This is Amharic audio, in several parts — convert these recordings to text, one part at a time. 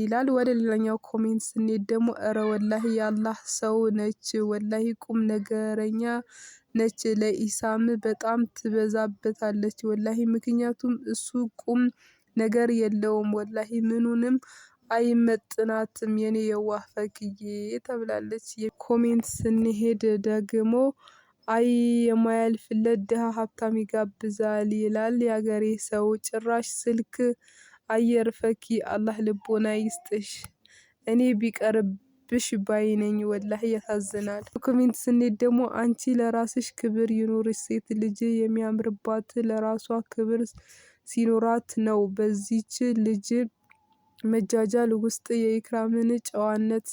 ይላል። ወደ ሌላኛው ኮሜንት ስንሄድ ደግሞ እረ ወላሂ ያላህ ሰው ነች፣ ወላሂ ቁም ነገረኛ ነች፣ ለኢሳም በጣም ትበዛበታለች ወላሂ ምክንያቱም እሱ ቁም ነገር የለውም ወላሂ ምኑንም አይመጥናትም የኔ የዋህ ፈክዬ ተብላለች። የኮሜንት ስንሄድ ደግሞ አይ የማያልፍለት ድሃ ሀብታም ይጋብዛል ይላል የአገሬ ሰው ጭራሽ ስልክ አየር ፈኪ አላህ ልቦና ይስጥሽ። እኔ ቢቀርብሽ ባይ ወላህ ያሳዝናል። ዶክሜንት ስኔት ደግሞ አንቺ ለራስሽ ክብር ይኑርሽ። ሴት ልጅ የሚያምርባት ለራሷ ክብር ሲኖራት ነው። በዚች ልጅ መጃጃል ውስጥ የኢክራምን ጨዋነት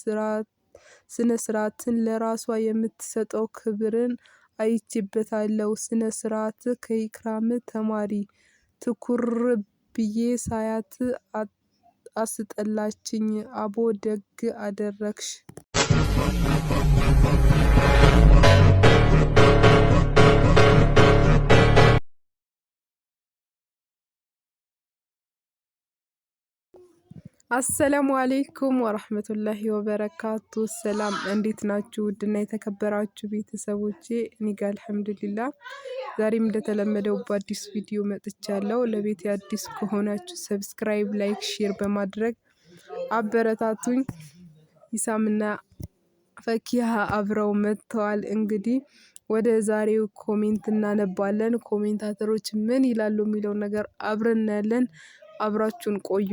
ስነ ስርዓትን ለራሷ የምትሰጠው ክብርን አይችበታለው። ስነ ስርዓት ከኢክራም ተማሪ ትኩር ብዬ ሳያት አስጠላችኝ። አቦ ደግ አደረግሽ አሰላሙ አሌይኩም ወረህመቱላሂ ወበረካቱ። ሰላም እንዴት ናችሁ? ውድና የተከበራችሁ ቤተሰቦቼ እኔ ጋ አልሐምዱሊላ። ዛሬም እንደተለመደው በአዲስ ቪዲዮ መጥቻለሁ። ለቤት አዲስ ከሆናችሁ ሰብስክራይብ፣ ላይክ፣ ሼር በማድረግ አበረታቱኝ። ኢሳምና ፈኪሀ አብረው መጥተዋል። እንግዲህ ወደ ዛሬው ኮሜንት እናነባለን። ኮሜንታተሮች ምን ይላሉ የሚለውን ነገር አብረን እናያለን። አብራችሁን ቆዩ።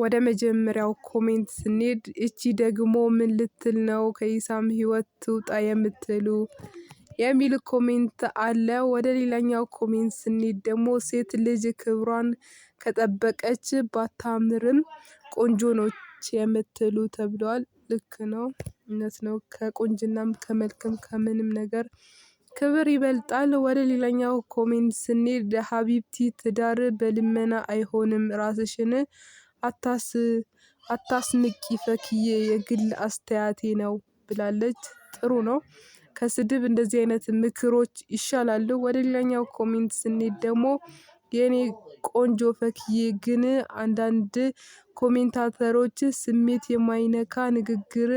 ወደ መጀመሪያው ኮሜንት ስንሄድ እቺ ደግሞ ምን ልትል ነው? ከኢሳም ህይወት ትውጣ የምትሉ የሚል ኮሜንት አለ። ወደ ሌላኛው ኮሜንት ስንሄድ ደግሞ ሴት ልጅ ክብሯን ከጠበቀች ባታምርም ቆንጆ ነች የምትሉ ተብለዋል። ልክ ነው፣ እውነት ነው። ከቆንጅናም ከመልክም ከምንም ነገር ክብር ይበልጣል። ወደ ሌላኛው ኮሜንት ስንሄድ ሀቢብቲ ትዳር በልመና አይሆንም ራስሽን አታስ አታስንቂ ፈክዬ የግል አስተያየቴ ነው ብላለች። ጥሩ ነው። ከስድብ እንደዚህ አይነት ምክሮች ይሻላሉ። ወደ ሌላኛው ኮሜንት ስንሄድ ደግሞ የኔ ቆንጆ ፈክዬ፣ ግን አንዳንድ ኮሜንታተሮች ስሜት የማይነካ ንግግር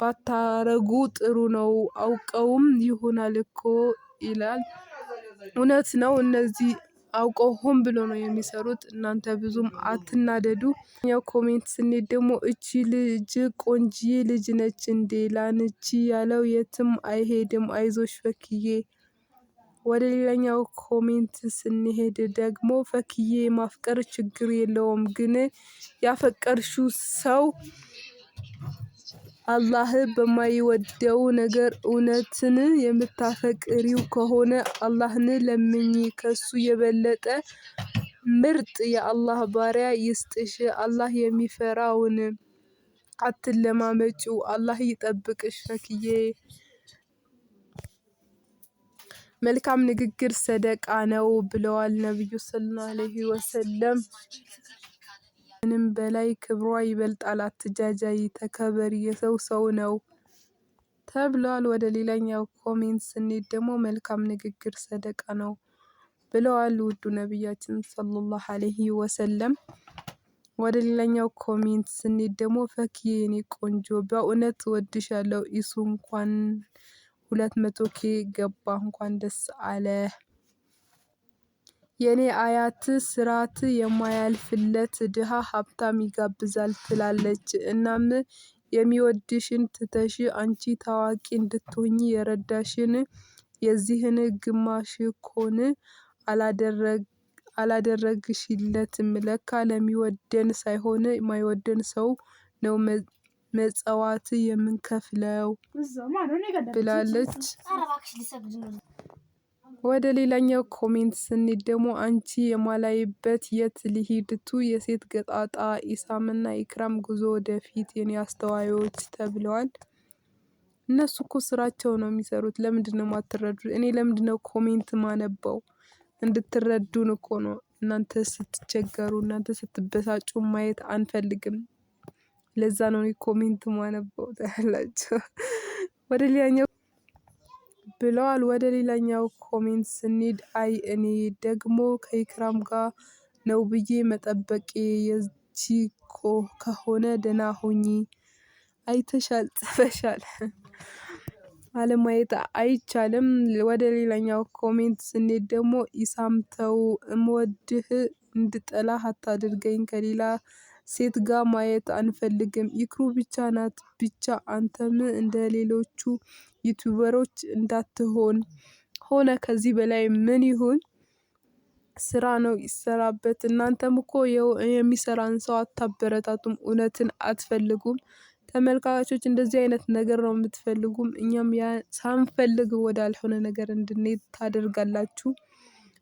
ባታረጉ ጥሩ ነው፣ አውቀውም ይሆናል እኮ ይላል። እውነት ነው እነዚህ አውቀው ሆን ብሎ ነው የሚሰሩት። እናንተ ብዙም አትናደዱ። ኛው ኮሜንት ስንሄድ ደግሞ እቺ ልጅ ቆንጂዬ ልጅ ነች እንዴ ላንቺ ያለው የትም አይሄድም አይዞሽ ፈክዬ። ወደ ሌላኛው ኮሜንት ስንሄድ ደግሞ ፈክዬ ማፍቀር ችግር የለውም ግን ያፈቀርሽው ሰው አላህ በማይወደው ነገር እውነትን የምታፈቅሪው ከሆነ አላህን ለምኚ። ከሱ የበለጠ ምርጥ የአላህ ባሪያ ይስጥሽ። አላህ የሚፈራውን አትለማመጪው። አላህ ይጠብቅሽ ፈክዬ። መልካም ንግግር ሰደቃ ነው ብለዋል ነቢዩ ሰለላሁ ዐለይሂ ወሰለም። ምንም በላይ ክብሯ ይበልጣል አትጃጃይ ተከበሪ የሰው ሰው ነው ተብለዋል። ወደ ሌላኛው ኮሜንት ስንሄድ ደግሞ መልካም ንግግር ሰደቃ ነው ብለዋል ውዱ ነቢያችን ሰለላሁ ዐለይሂ ወሰለም። ወደ ሌላኛው ኮሜንት ስንሄድ ደግሞ ፈኪዬ የኔ ቆንጆ በእውነት ወድሻለሁ። ኢሱ እንኳን ሁለት መቶ ኬ ገባ እንኳን ደስ አለ የኔ አያት ስርዓት የማያልፍለት ድሃ ሀብታም ይጋብዛል ትላለች። እናም የሚወድሽን ትተሽ አንቺ ታዋቂ እንድትሆኚ የረዳሽን የዚህን ግማሽኮን አላደረግሽለትም ለካ ለሚወደን ሳይሆን የማይወደን ሰው ነው መጸዋት የምንከፍለው ብላለች። ወደ ሌላኛው ኮሜንት ስንሄድ ደግሞ አንቺ የማላይበት የት ሊሂድቱ የሴት ገጣጣ ኢሳምና ኢክራም ጉዞ ወደፊት የኔ አስተዋዮች ተብለዋል። እነሱ እኮ ስራቸው ነው የሚሰሩት። ለምንድነው ማትረዱ? እኔ ለምንድነው ኮሜንት ማነባው? እንድትረዱን እኮ ነው። እናንተ ስትቸገሩ፣ እናንተ ስትበሳጩ ማየት አንፈልግም። ለዛ ነው ኮሜንት ማነበው ታያላችሁ ወደ ሌላኛው ብለዋል። ወደ ሌላኛው ኮሜንት ስንሄድ አይ እኔ ደግሞ ከኢክራም ጋር ነው ብዬ መጠበቄ የቺ ከሆነ ደህና ሆኚ አይተሻል ጽፈሻል አለማየት አይቻልም። ወደ ሌላኛው ኮሜንት ስንሄድ ደግሞ ኢሳምተው እምወድህ እንድጠላህ አታድርገኝ ከሌላ ሴት ጋር ማየት አንፈልግም። ይክሩ ብቻ ናት ብቻ አንተም እንደ ሌሎቹ እንዳትሆን ሆነ ከዚህ በላይ ምን ይሁን? ስራ ነው ይሰራበት። እናንተም እኮ የሚሰራን ሰው አታበረታቱም፣ እውነትን አትፈልጉም። ተመልካቾች እንደዚህ አይነት ነገር ነው የምትፈልጉም። እኛም ሳንፈልግ ወዳልሆነ ነገር እንድንሄድ ታደርጋላችሁ።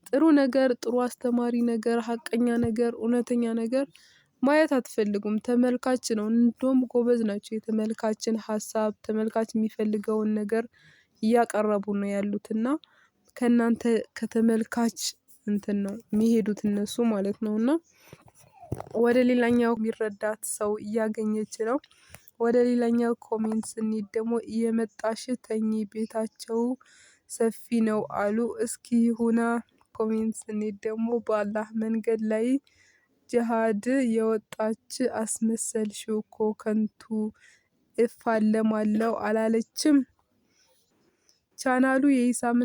ጥሩ ነገር፣ ጥሩ አስተማሪ ነገር፣ ሀቀኛ ነገር፣ እውነተኛ ነገር ማየት አትፈልጉም ተመልካች ነው እንደውም ጎበዝ ናቸው የተመልካችን ሀሳብ ተመልካች የሚፈልገውን ነገር እያቀረቡ ነው ያሉት እና ከእናንተ ከተመልካች እንትን ነው የሚሄዱት እነሱ ማለት ነው እና ወደ ሌላኛው የሚረዳት ሰው እያገኘች ነው። ወደ ሌላኛው ኮሜንት ስንሄድ ደግሞ የመጣሽ ተኚ ቤታቸው ሰፊ ነው አሉ። እስኪ ሁና ኮሜንት ስንሄድ ደግሞ በአላህ መንገድ ላይ ጅሃድ የወጣች አስመሰል እኮ ከንቱ እፋለማለው አላለችም። ቻናሉ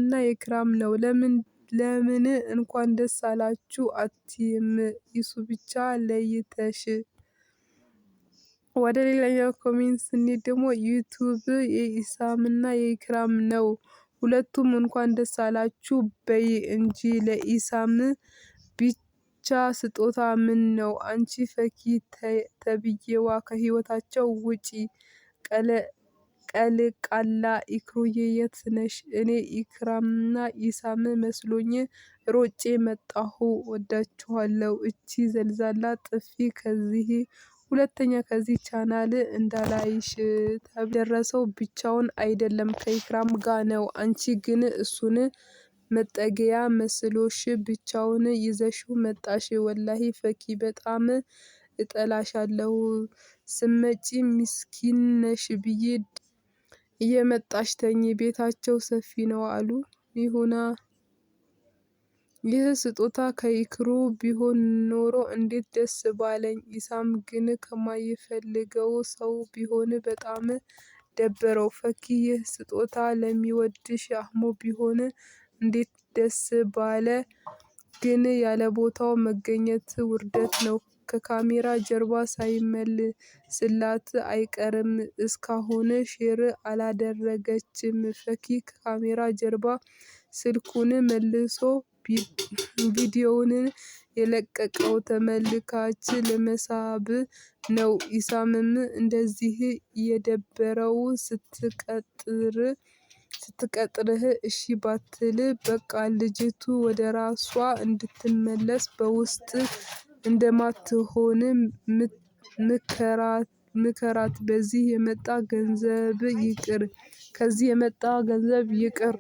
እና የክራም ነው። ለምን ለምን እንኳን ደስ አላችሁ አትይም? ይሱ ብቻ ለይተሽ ወደ ሌላኛው ኮሜንት ስኔት ደግሞ ዩቱብ የኢሳምና የኢክራም ነው። ሁለቱም እንኳን ደስ አላችሁ በይ እንጂ ለኢሳም ብቻ ስጦታ ምን ነው? አንቺ ፈኪ ተብዬዋ ከህይወታቸው ውጪ ቀልቃላ ኢክሩዬ የት ነሽ? እኔ ኢክራምና ኢሳም መስሎኝ ሮጬ መጣሁ። ወዳችኋለሁ። እቺ ዘልዛላ ጥፊ ከዚህ ሁለተኛ ከዚህ ቻናል እንዳላይሽ። ተብ ደረሰው ብቻውን አይደለም ከኢክራም ጋ ነው። አንቺ ግን እሱን መጠገያ መስሎሽ ብቻውን ይዘሽው መጣሽ ወላሂ ፈኪ በጣም እጠላሻለሁ ስመጪ ምስኪን ነሽ ብዬ እየመጣሽ ተኝ ቤታቸው ሰፊ ነው አሉ ይሁና ይህ ስጦታ ከይክሩ ቢሆን ኖሮ እንዴት ደስ ባለኝ። ኢሳም ግን ከማይፈልገው ሰው ቢሆን በጣም ደበረው። ፈኪ ይህ ስጦታ ለሚወድሽ አህሞ ቢሆን እንዴት ደስ ባለ! ግን ያለቦታው መገኘት ውርደት ነው። ከካሜራ ጀርባ ሳይመልስላት አይቀርም። እስካሁን ሼር አላደረገችም። ፈኪ ከካሜራ ጀርባ ስልኩን መልሶ ቪዲዮውን የለቀቀው ተመልካች ለመሳብ ነው። ኢሳምም እንደዚህ የደበረው ስትቀጥር ስትቀጥርህ እሺ ባትል በቃ ልጅቱ ወደ ራሷ እንድትመለስ በውስጥ እንደማትሆን ምከራት ምከራት በዚህ የመጣ ገንዘብ ይቅር ከዚህ የመጣ ገንዘብ ይቅር።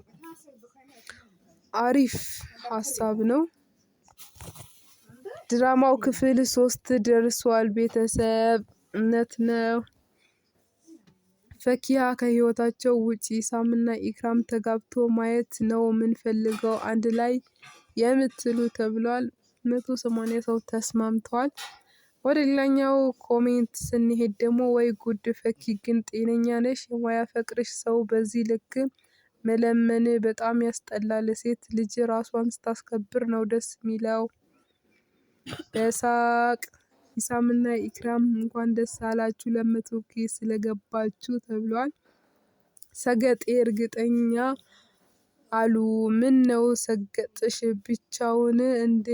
አሪፍ ሀሳብ ነው። ድራማው ክፍል ሶስት ደርሷል ቤተሰብ እምነት ነው ፈኪያ ከህይወታቸው ውጪ ሳምና ኢክራም ተጋብቶ ማየት ነው የምንፈልገው አንድ ላይ የምትሉ ተብሏል። 180 ሰው ተስማምተዋል። ወደ ሌላኛው ኮሜንት ስንሄድ ደግሞ ወይ ጉድ ፈኪ ግን ጤነኛ ነሽ? የማያፈቅርሽ ሰው በዚህ ልክ መለመን በጣም ያስጠላል። ሴት ልጅ ራሷን ስታስከብር ነው ደስ የሚለው። በሳቅ ኢሳምና ኢክራም እንኳን ደስ አላችሁ ለመቶ ስለገባችሁ ተብሏል። ሰገጤ እርግጠኛ አሉ ምን ነው ሰገጥሽ ብቻውን እንዴ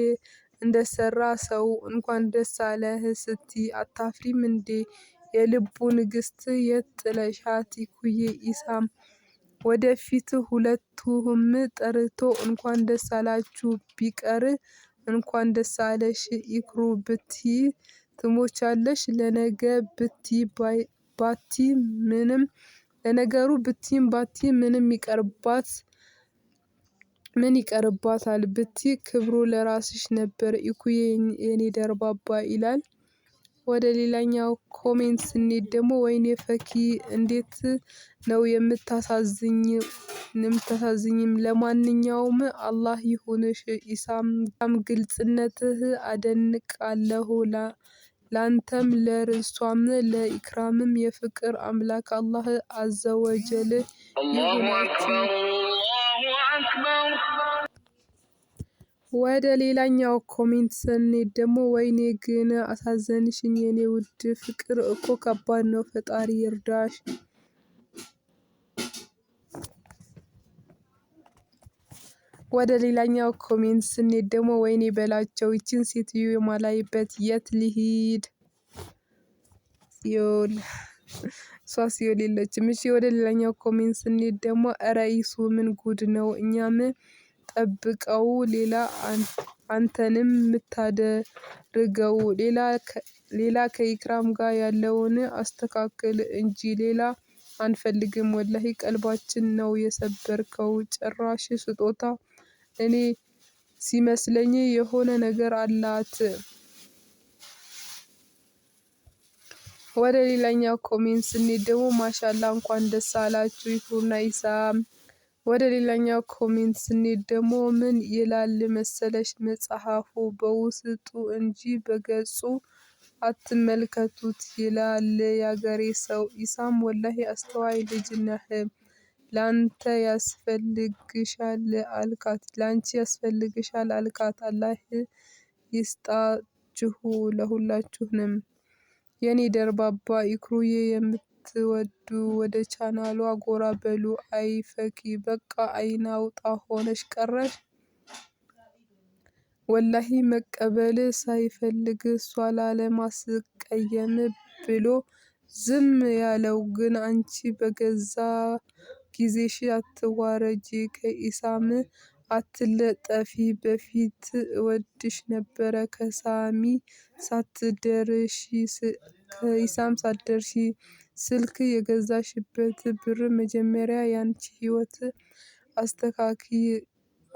እንደሰራ ሰው እንኳን ደስ አለህ ስቲ አታፍሪም እንዴ? የልቡ ንግስት የት ጥለሻት ኩዬ ኢሳም ወደፊት ሁለቱም ጠርቶ እንኳን ደስ አላችሁ ቢቀር እንኳን ደስ አለሽ ይኩሩ ብቲ ትሞቻለሽ ለነገ ብቲ ባቲ ምንም ለነገሩ ብቲም ባቲ ምንም ይቀርባት ምን ይቀርባታል ብቲ ክብሩ ለራስሽ ነበር። ኢኩዬ የኔ ደርባባ ይላል። ወደ ሌላኛው ኮሜንት ስንሄድ ደግሞ ወይኔ ፈኪ እንዴት ነው የምታሳዝኝ የምታሳዝኝም። ለማንኛውም አላህ ይሁንሽ ኢሳም፣ ግልጽነትህ አደንቃለሁ። ላንተም ለርሷም ለኢክራምም የፍቅር አምላክ አላህ አዘወጀል አክበር ወደ ሌላኛው ኮሜንት ስንሄድ ደግሞ ወይኔ ግን አሳዘንሽኝ የኔ ውድ ፍቅር እኮ ከባድ ነው፣ ፈጣሪ ይርዳሽ። ወደ ሌላኛው ኮሜንት ስንሄድ ደግሞ ወይኔ በላቸው ይችን ሴትዮ የማላይበት የት ልሂድ? ሲዮል እሷ ሲዮል የለችም። እሺ ወደ ሌላኛው ኮሜንት ስንሄድ ደግሞ ረይሱ ምን ጉድ ነው እኛም ጠብቀው ሌላ አንተንም የምታደርገው ሌላ ከኢክራም ጋር ያለውን አስተካክል እንጂ ሌላ አንፈልግም። ወላሂ ቀልባችን ነው የሰበርከው። ጭራሽ ስጦታ እኔ ሲመስለኝ የሆነ ነገር አላት። ወደ ሌላኛው ኮሜንት ስኔት ደግሞ ማሻላ እንኳን ደስ አላችሁ ይፍሩና ኢሳም ወደ ሌላኛው ኮሜንት ስንሄድ ደግሞ ምን ይላል መሰለሽ መጽሐፉ በውስጡ እንጂ በገጹ አትመልከቱት ይላል ያገሬ ሰው። ኢሳም ወላሂ አስተዋይ ልጅ ነህ፣ ላንተ ያስፈልግሻል አልካት ላንቺ ያስፈልግሻል አልካት። አላህ ይስጣችሁ ለሁላችሁንም። የኔ ደርባባ ኢክሩዬ የምት ስትወዱ ወደ ቻናሏ ጎራ በሉ። አይ ፈኪ በቃ አይን አውጣ ሆነሽ ቀረሽ። ወላሂ መቀበል ሳይፈልግ እሷ ላለማስቀየም ብሎ ዝም ያለው ግን አንቺ በገዛ ጊዜሽ አትዋረጂ፣ ከኢሳም አትለጠፊ። በፊት እወድሽ ነበረ ከሳሚ ሳትደርሺ ከኢሳም ሳትደርሺ ስልክ የገዛሽበት ብር መጀመሪያ ያንቺ ህይወት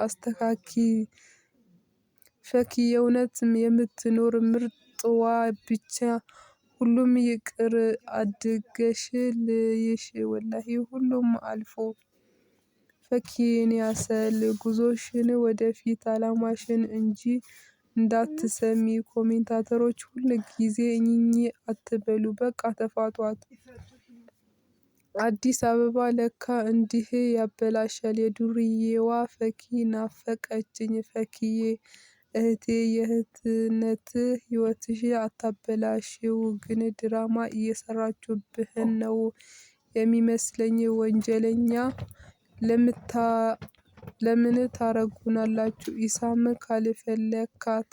አስተካኪ ፈኪ የእውነት የምትኖር ምርጥዋ ብቻ ሁሉም ይቅር አድገሽ ልይሽ ወላሂ ሁሉም አልፎ ፈኪን ያሰል ጉዞሽን ወደፊት አላማሽን እንጂ እንዳትሰሚ ኮሜንታተሮች ሁል ጊዜ እኝኝ አትበሉ በቃ ተፋቷት። አዲስ አበባ ለካ እንዲህ ያበላሻል። የዱርዬዋ ፈኪ ናፈቀችኝ። ፈኪዬ እህቴ የእህትነት ህይወትሽ አታበላሽው፣ ግን ድራማ እየሰራችሁብህን ነው የሚመስለኝ። ወንጀለኛ ለምታ ለምን ታረጉናላችሁ? ኢሳም ካልፈለካት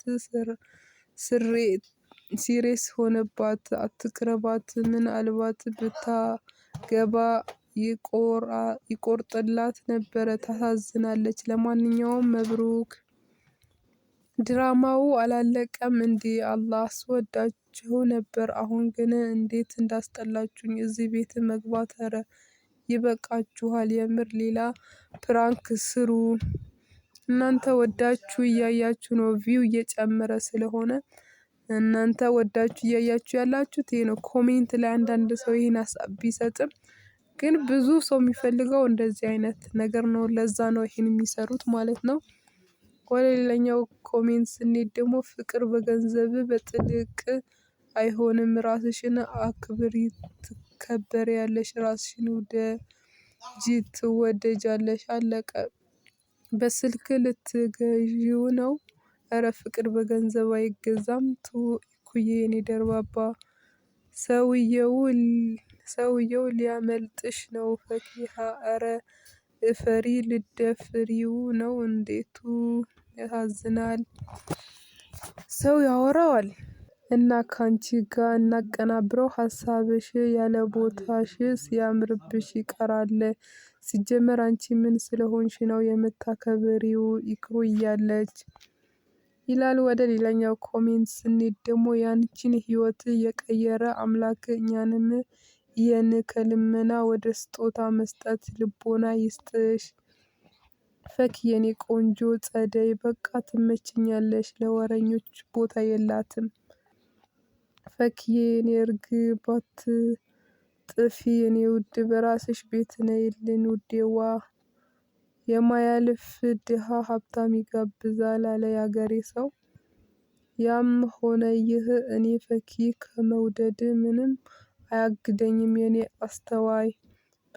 ሲሬስ ሆነባት አትቅረባት። ምናልባት ብታገባ ይቆርጥላት ነበረ። ታሳዝናለች። ለማንኛውም መብሩክ። ድራማው አላለቀም እንዴ? አላህ አስወዳችሁ ነበር። አሁን ግን እንዴት እንዳስጠላችሁኝ እዚህ ቤት መግባት። ኧረ ይበቃችኋል የምር ሌላ ፕራንክ ስሩ። እናንተ ወዳችሁ እያያችሁ ነው ቪው እየጨመረ ስለሆነ እናንተ ወዳችሁ እያያችሁ ያላችሁት ይሄ ነው። ኮሜንት ላይ አንዳንድ ሰው ይህን ሀሳብ ቢሰጥም ግን ብዙ ሰው የሚፈልገው እንደዚህ አይነት ነገር ነው። ለዛ ነው ይህን የሚሰሩት ማለት ነው። ወደ ሌላኛው ኮሜንት ስንሄድ ደግሞ ፍቅር በገንዘብ በጥልቅ አይሆንም ራስሽን አክብሪ ትከበሪያለሽ ራስሽን ውደጂ ትወደጃለሽ አለቀ። በስልክ ልትገዢው ነው? እረ ፍቅር በገንዘብ አይገዛም። እኩዬ የኔ ደርባባ ሰውየው ሰውየው ሊያመልጥሽ ነው። ፈኪሀ እረ እፈሪ ልደፍሪው ነው እንዴቱ ያሳዝናል። ሰው ያወራዋል እና ካንቺ ጋር እናቀናብረው ሀሳብሽ ያለ ቦታሽ ሲያምርብሽ ይቀራል። ሲጀመር አንቺ ምን ስለሆንሽ ነው የምታከብሪው? ይክሩ እያለች ይላል። ወደ ሌላኛው ኮሜንት ስንሄድ ደግሞ ያንቺን ህይወት የቀየረ አምላክ እኛንም የን ከልመና ወደ ስጦታ መስጠት ልቦና ይስጥሽ። ፈክ የኔ ቆንጆ ጸደይ፣ በቃ ትመችኛለሽ። ለወረኞች ቦታ የላትም። ፈክዬ የኔ እርግብ አትጥፊ የኔ ውድ በራስሽ ቤት ነይልን ውዴዋ። የማያልፍ ድሃ ሀብታም ይጋብዛል አለ ያገሬ ሰው። ያም ሆነ ይህ እኔ ፈኪ ከመውደድ ምንም አያግደኝም የኔ አስተዋይ።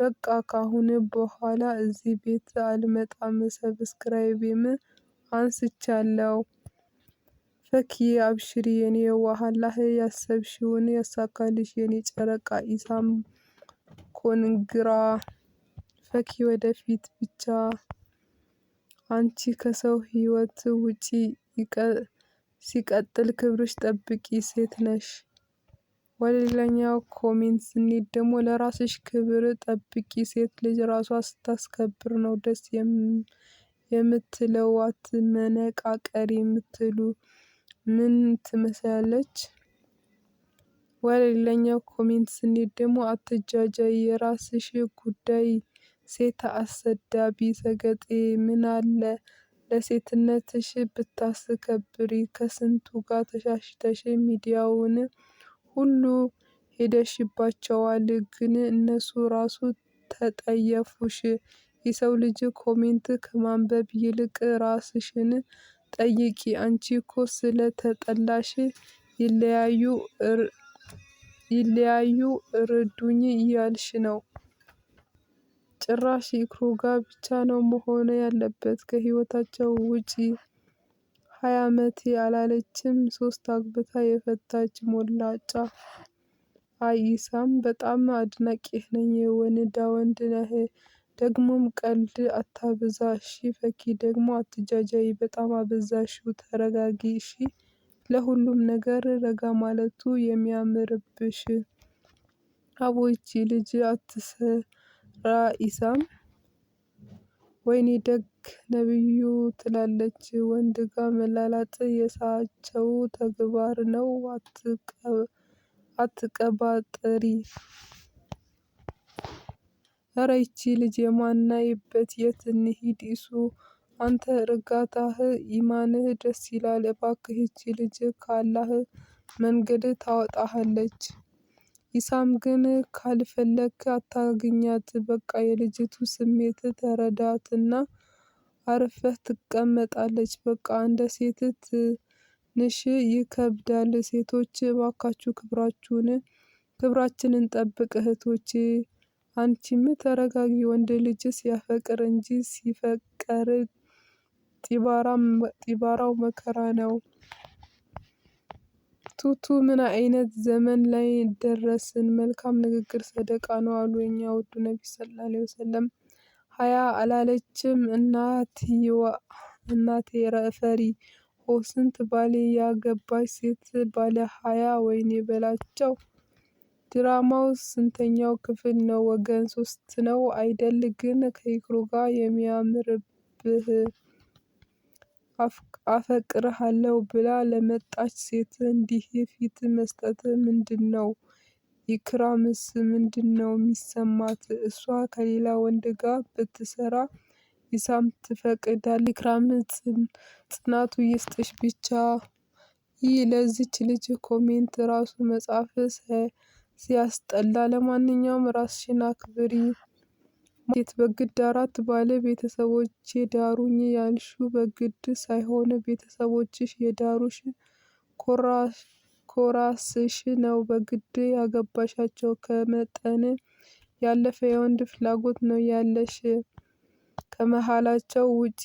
በቃ ካሁን በኋላ እዚህ ቤት አልመጣም ሰብስክራይቤም አንስቻለሁ። ፈኪ አብሽሪ የኔ የዋህ አላህ ያሰብሽውን ያሳካልሽ የኔ ጨረቃ ኢሳም ኮንግራ ፈኪ ወደፊት ብቻ አንቺ ከሰው ህይወት ውጪ ሲቀጥል ክብርሽ ጠብቂ ሴት ነሽ። ወደሌላኛው ኮሜንት ስንሄድ ደግሞ ለራስሽ ክብር ጠብቂ ሴት ልጅ ራሷ ስታስከብር ነው ደስ የምትለዋት መነቃቀር የምትሉ ምን ትመስላለች? ወደ ሌላኛው ኮሜንት ስንሄድ ደግሞ አትጃጃይ የራስሽ ጉዳይ ሴት አሰዳቢ ሰገጤ ምን አለ ለሴትነትሽ ብታስከብሪ ከስንቱ ጋር ተሻሽተሽ ሚዲያውን ሁሉ ሄደሽባቸዋል ግን እነሱ ራሱ ተጠየፉሽ። የሰው ልጅ ኮሜንት ከማንበብ ይልቅ ራስሽን ጠይቂ አንቺ እኮ ተጠላሽ ይለያዩ ይለያዩ እርዱኝ እያልሽ ነው። ጭራሽ ይክሩ ጋር ብቻ ነው መሆን ያለበት ከህይወታቸው ውጪ። ሀያ አመት ያላለችም ሶስት አግብታ የፈታች ሞላጫ አይሳም በጣም አድናቂ ነኝ። የወንዳ ወንድ ነህ ደግሞም ቀልድ አታብዛ እሺ ፈኪ ደግሞ አትጃጃይ በጣም አበዛሽው ተረጋጊ እሺ ለሁሉም ነገር ረጋ ማለቱ የሚያምርብሽ አቦይቺ ልጅ አትስራ ኢሳም ወይኔ ደግ ነብዩ ትላለች ወንድ ጋ መላላጥ የሳቸው ተግባር ነው አትቀባጥሪ ኧረ ይቺ ልጅ የማናይበት የት እንሂድ ይሱ አንተ እርጋታህ ኢማንህ ደስ ይላል እባክህ ይቺ ልጅ ካላህ መንገድ ታወጣሃለች። ይሳም ግን ካልፈለክ አታገኛት በቃ የልጅቱ ስሜት ተረዳትና አርፈህ ትቀመጣለች በቃ እንደ ሴት ትንሽ ይከብዳል ሴቶች እባካችሁ ክብራችሁን ክብራችንን ጠብቅ እህቶቼ አንቺም ተረጋጊ ወንድ ልጅስ ያፈቅር እንጂ ሲፈቀር ጢባራው መከራ ነው። ቱቱ ምን አይነት ዘመን ላይ ደረስን? መልካም ንግግር ሰደቃ ነው አሉ የኛ ውዱ ነቢ ሰለላሁ ዐለይሂ ወሰለም። ሀያ አላለችም እናቴ ረፈሪ ሆ ስንት ባሌ ያገባች ሴት ባለ ሀያ ወይኔ በላቸው ድራማው ስንተኛው ክፍል ነው ወገን? ሶስት ነው አይደል? ግን ከይክሩ ጋር የሚያምርብህ አፈቅርሃለሁ ብላ ለመጣች ሴት እንዲህ ፊት መስጠት ምንድነው? ኢክራምስ ምንድነው የሚሰማት? እሷ ከሌላ ወንድ ጋር ብትሰራ ይሳም ትፈቅዳል? ይክራም ጽናቱ ይስጥሽ ብቻ። ይህ ለዚች ልጅ ኮሜንት ራሱ መጻፍ ሲያስጠላ ለማንኛውም ራስሽን አክብሪ። ማለት በግድ አራት ባለ ቤተሰቦች የዳሩኝ ያልሹ በግድ ሳይሆን ቤተሰቦችሽ የዳሩሽ ኮራስሽ ነው። በግድ ያገባሻቸው ከመጠን ያለፈ የወንድ ፍላጎት ነው ያለሽ። ከመሃላቸው ውጪ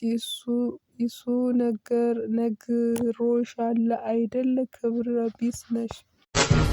እሱ ነግሮሻል አይደል? ክብረ ቢስ ነሽ።